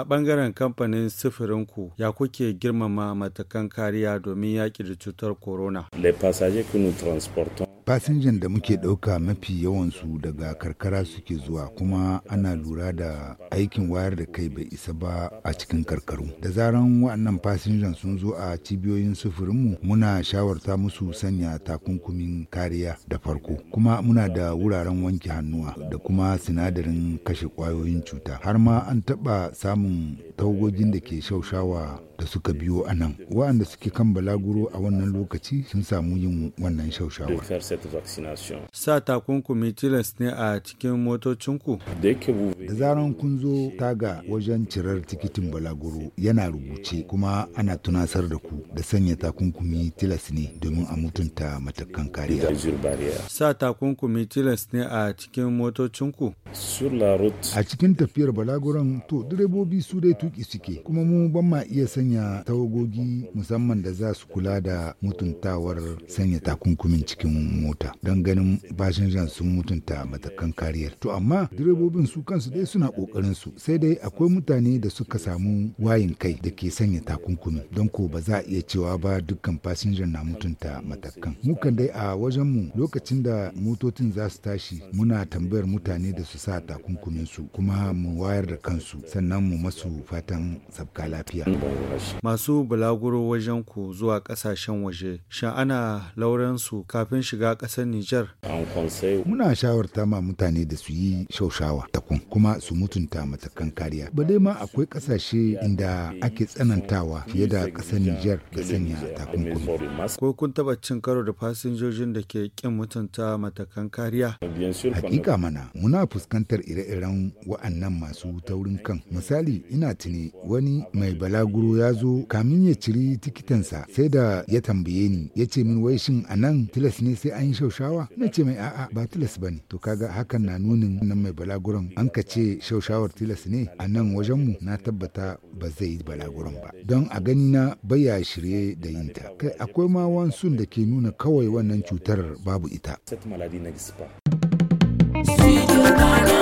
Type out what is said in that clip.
a ɓangaren kamfanin sufurin ku ya kuke girmama matakan kariya domin yaƙi da cutar corona. fasinjan da muke ɗauka mafi yawansu daga karkara suke zuwa kuma ana lura da aikin wayar da kai bai isa ba a cikin karkaru da zaran waɗannan fasinjan sun zo a cibiyoyin sufurinmu muna shawarta musu sanya takunkumin kariya da farko kuma muna da wuraren wanke hannuwa da kuma sinadarin kashe ƙwayoyin cuta har ma an taɓa samun tawagogin da ke shaushawa da suka biyo a nan waɗanda suke kan balaguro a wannan lokaci sun samu yin wannan shaushawar cette vaccination. Sa takunkumi tilas ne a cikin motocinku? Da zaran kun zo taga wajen cirar tikitin balaguro yana rubuce kuma ana tunasar da ku da sanya takunkumi tilas ne domin a mutunta matakan kariya. Sa takunkumi tilas ne a cikin motocinku? A cikin tafiyar balaguron to direbobi su dai tuki suke kuma mu ban ma iya sanya tawagogi musamman da za su kula da mutuntawar sanya takunkumin cikin mota don ganin fasinjan sun mutunta matakan kariyar to amma direbobin su kansu dai suna kokarin su sai dai akwai mutane da suka samu wayin kai da ke sanya takunkumi don ko ba za a iya cewa ba dukkan fasinjan na mutunta matakan mukan dai a wajen mu lokacin da motocin za su tashi muna tambayar mutane da su sa takunkumin su kuma mu wayar da kansu sannan mu masu fatan sabka lafiya masu bulaguro wajen ku zuwa kasashen waje ana lauren su kafin shiga shiga ƙasar Nijar. Muna shawarta ma mutane da su yi shaushawa takun kuma su mutunta matakan kariya. Ba dai ma akwai ƙasashe inda ake tsanantawa fiye da ƙasar Nijar da sanya takunkumi. Ko kun taɓa cin karo da fasinjojin da ke ƙin mutunta matakan kariya? Hakika mana muna fuskantar ire-iren wa'annan masu taurin kan. Misali ina tuni wani mai balaguro ya zo kamin ya ciri tikitansa sai da ya tambaye ni ya ce min wai shin a nan tilas ne sai an yi shaushawa na ce mai a'a ba tilas ba ne to kaga hakan na nunin nan mai balaguran an ka ce shaushawar tilas ne a nan wajenmu na tabbata ba zai yi balaguran ba don a gani na baya shirye da yinta kai akwai ma wansun da ke nuna kawai wannan cutar babu ita. Studio